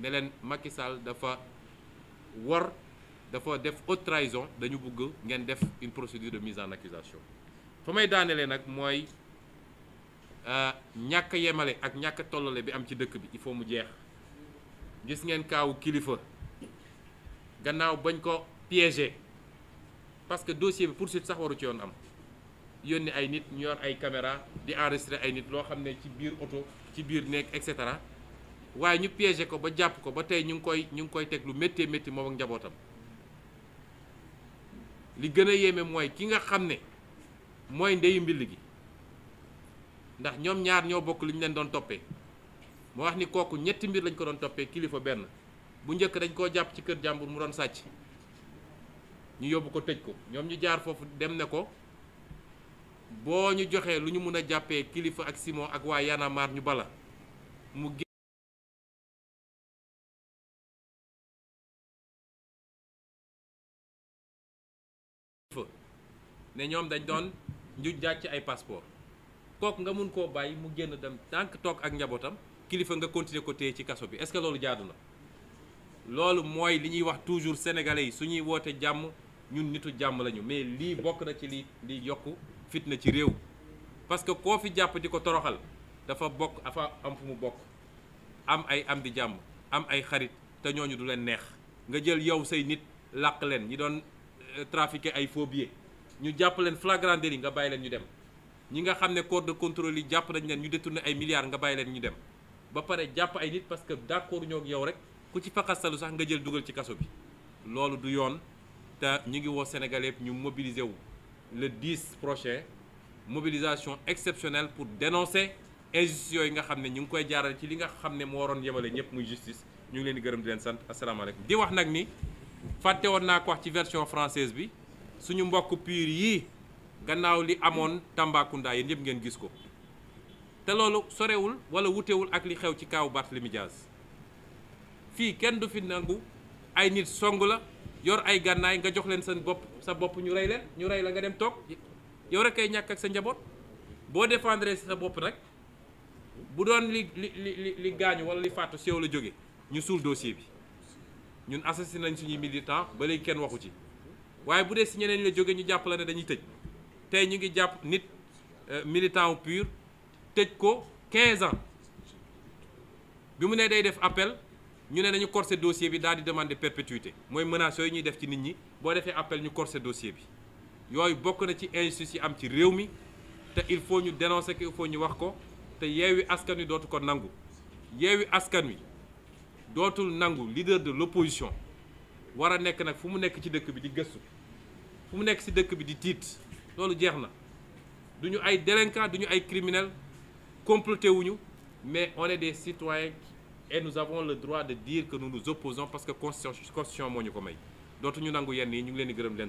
ne leen Macky Sall dafa wor dafa def haute trahison dañu bugg ngeen def une procédure de mise en accusation fa may daanelee nag mooy euh, ñàkk yemale ak ñàkk tollale bi am ci dëkk bi il faut mu jeex gis ngeen kaawu kilifa gannaaw bañ ko piégé parce que dossier bi poursuite sax waru ci yoon am yónni ay nit ñu yor ay caméra di enregistré ay nit loo xam ne ci biir oto ci biir nekk et cetera waaye ñu piégé ko ba jàpp ko ba tey ñu ngi koy ñu ngi koy teg lu méttee métti moom ak njabootam li gën a yéeme mooy ki nga xam ne mooy ndeyu mbill gi ndax ñoom ñaar ñoo bokk li ñu leen doon toppee moo wax ni kooku ñetti mbir lañ ko doon toppee kilifa benn bu njëkk dañ koo jàpp ci kër jàmbur mu doon sàcc ñu yóbbu ko tëj ko ñoom ñu jaar foofu dem ne ko boo ñu joxee lu ñu mën a jàppee kilifa ak Simon ak waa Yaana ñu bala ne ñoom dañ doon njuj jaaj ci ay passeport kooku nga mun koo bàyyi mu génn dem tànk toog ak njabootam kilifa nga continuer ko téye ci kaso bi est-ce que loolu jaadu na loolu mooy li ñuy wax toujours sénégalais yi su ñuy woote jàmm ñun nitu jàmm lañu mais lii bokk na ci lii lii yokk fitna ci réew parce que koo fi jàpp di ko toroxal dafa bokk afa am fu mu bokk am ay am di jàmm am ay xarit te ñooñu du leen neex nga jël yow say nit làq leen ñi doon euh, trafiquer ay faux ñu jàppaleen leen flagrant nga bàyyi leen ñu dem ñi nga xam ne corps de contrôle yi jàpp nañ leen ñu détourné ay milliards nga bàyyi leen ñu dem ba pare jàpp ay nit parce que d'accord ñoo yow rek ku ci faqastalu sax nga jël dugal ci kaso bi loolu du yoon te ñu ngi woo Sénégalais yëpp ñu mobiliser wu le 10 prochain mobilisation exceptionnelle pour dénoncer injustice yooyu nga xam ne ñu ngi koy jaarale ci li nga xam ne moo waroon yemale ñëpp muy justice ñu ngi leen di gërëm di leen sant asalaamaaleykum di wax nag ni fàtte woon naa ko wax ci version française bi suñu mbokk piir yi gannaaw li amoon Tambacounda yéen yëpp ngeen gis ko te loolu sorewul wala wutewul ak li xew ci kaaw Barthélémy Dias fii kenn du fi nangu ay nit song la yor ay gànnaay nga jox leen seen bopp sa bopp ñu rey leen ñu rey la nga dem toog yow rek ay ñàkk ak sa njaboot boo défendre sa bopp rek bu doon li li li li gaañu wala li faatu si la jóge ñu suul dossier bi ñun assassiné nañ suñuy militant ba léegi kenn waxu ci waaye bu dee si ñeneen la jóge ñu jàpp la ne dañuy tëj tey ñu ngi jàpp nit euh, militant pur tëj ko 15 ans bi mu nee day def appel ñu ne nañu corser dossier bi daal di demander perpétuité mooy menaces yooyu ñuy def ci nit ñi boo defee appel ñu corser dossier bi yooyu bokk na ci injustice yi am ci réew mi te il faut ñu dénoncer ko il faut ñu wax ko te yeewi askan wi dootu ko nangu yeewi askan wi dootul nangu leader de l'opposition war a nekk nag fu mu nekk ci dëkk bi di gëstu fu mu nekk ci dëkk bi di tiit loolu jeex na du ñu ay délinquants du ñu ay criminels comploté wuñu mais on est des citoyens et nous avons le droit de dire que nous nous opposons parce que constitution moo ñu ko may dootuñu nangu yenn yi ñu ngi leen di gërëm leen